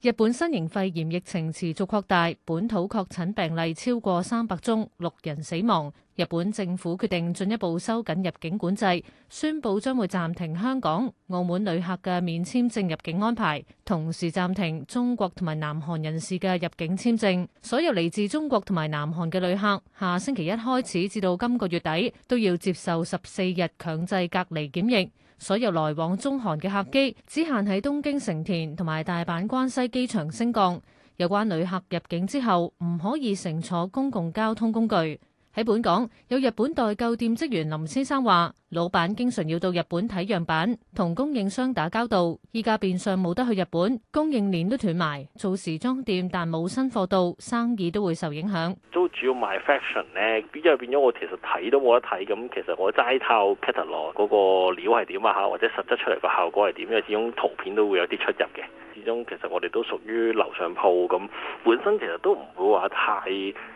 日本新型肺炎疫情持續擴大，本土確診病例超過三百宗，六人死亡。日本政府決定進一步收緊入境管制，宣布將會暫停香港、澳門旅客嘅免簽證入境安排，同時暫停中國同埋南韓人士嘅入境簽證。所有嚟自中國同埋南韓嘅旅客，下星期一開始至到今個月底，都要接受十四日強制隔離檢疫。所有來往中韓嘅客機只限喺東京成田同埋大阪關西機場升降，有關旅客入境之後唔可以乘坐公共交通工具。喺本港有日本代購店職員林先生話，老闆經常要到日本睇樣板，同供應商打交道。依家變相冇得去日本，供應鏈都斷埋，做時裝店但冇新貨到，生意都會受影響。都主要賣 fashion 呢，因為變咗我其實睇都冇得睇，咁其實我齋睇 catalog 嗰個料係點啊，或者實質出嚟個效果係點，因為始終圖片都會有啲出入嘅。始終其實我哋都屬於樓上鋪咁，本身其實都唔會話太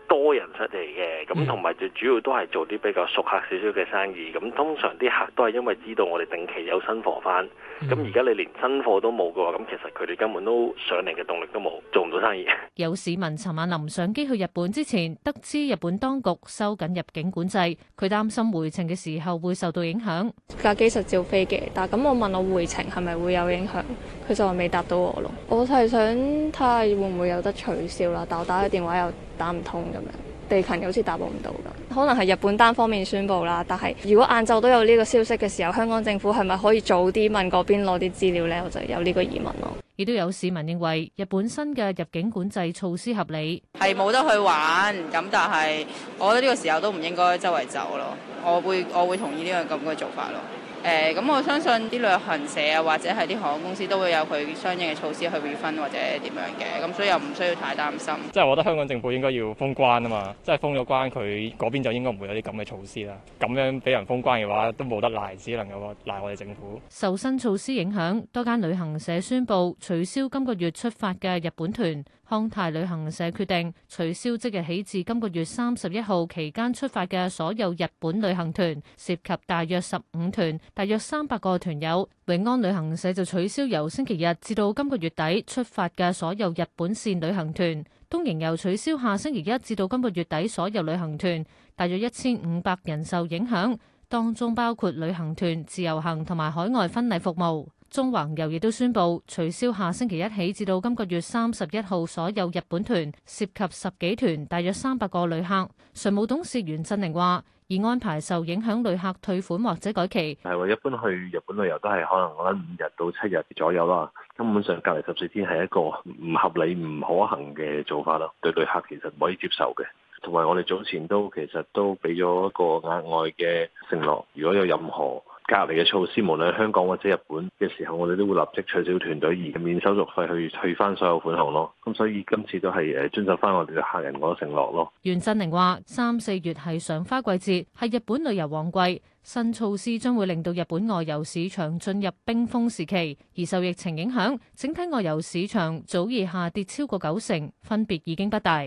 多人出嚟嘅，咁同埋最主要都係做啲比較熟客少少嘅生意。咁通常啲客都係因為知道我哋定期有新貨返。咁而家你連新貨都冇嘅話，咁其實佢哋根本都上嚟嘅動力都冇，做唔到生意。有市民尋晚臨上機去日本之前，得知日本當局收緊入境管制，佢擔心回程嘅時候會受到影響。架機實照飛嘅，但係咁我問我回程係咪會有影響，佢就話未答到我。我係想睇下會唔會有得取消啦，但我打個電話又打唔通咁樣，地勤又好似打部唔到噶，可能係日本單方面宣布啦。但係如果晏晝都有呢個消息嘅時候，香港政府係咪可以早啲問嗰邊攞啲資料呢？我就有呢個疑問咯。亦都有市民認為日本新嘅入境管制措施合理。係冇得去玩咁，但係我覺得呢個時候都唔應該周圍走咯。我會我會同意呢個咁嘅做法咯。誒咁，我相信啲旅行社啊，或者係啲航空公司都會有佢相應嘅措施去 refund 或者點樣嘅，咁所以又唔需要太擔心。即係我覺得香港政府應該要封關啊嘛，即係封咗關，佢嗰邊就應該唔會有啲咁嘅措施啦。咁樣俾人封關嘅話，都冇得賴，只能夠賴我哋政府。受新措施影響，多間旅行社宣布取消今個月出發嘅日本團。康泰旅行社決定取消即日起至今個月三十一號期間出發嘅所有日本旅行團，涉及大約十五團。大約三百個團友，永安旅行社就取消由星期日至到今個月底出發嘅所有日本綫旅行團，東瀛遊取消下星期一至到今個月底所有旅行團，大約一千五百人受影響，當中包括旅行團、自由行同埋海外婚禮服務。縱橫遊亦都宣布取消下星期一起至到今個月三十一號所有日本團，涉及十幾團，大約三百個旅客。常務董事袁振寧話。而安排受影響旅客退款或者改期，係話一般去日本旅遊都係可能講緊五日到七日左右啦。根本上隔離十四天係一個唔合理、唔可行嘅做法咯。對旅客其實唔可以接受嘅，同埋我哋早前都其實都俾咗一個額外嘅承諾，如果有任何隔離嘅措施，無論香港或者日本嘅時候，我哋都會立即取消團隊而免手續費，去退翻所有款項咯。咁所以今次都係誒遵守翻我哋嘅客人嗰個承諾咯。袁振寧話：三四月係賞花季節，係日本旅遊旺季，新措施將會令到日本外遊市場進入冰封時期，而受疫情影響，整體外遊市場早已下跌超過九成，分別已經不大。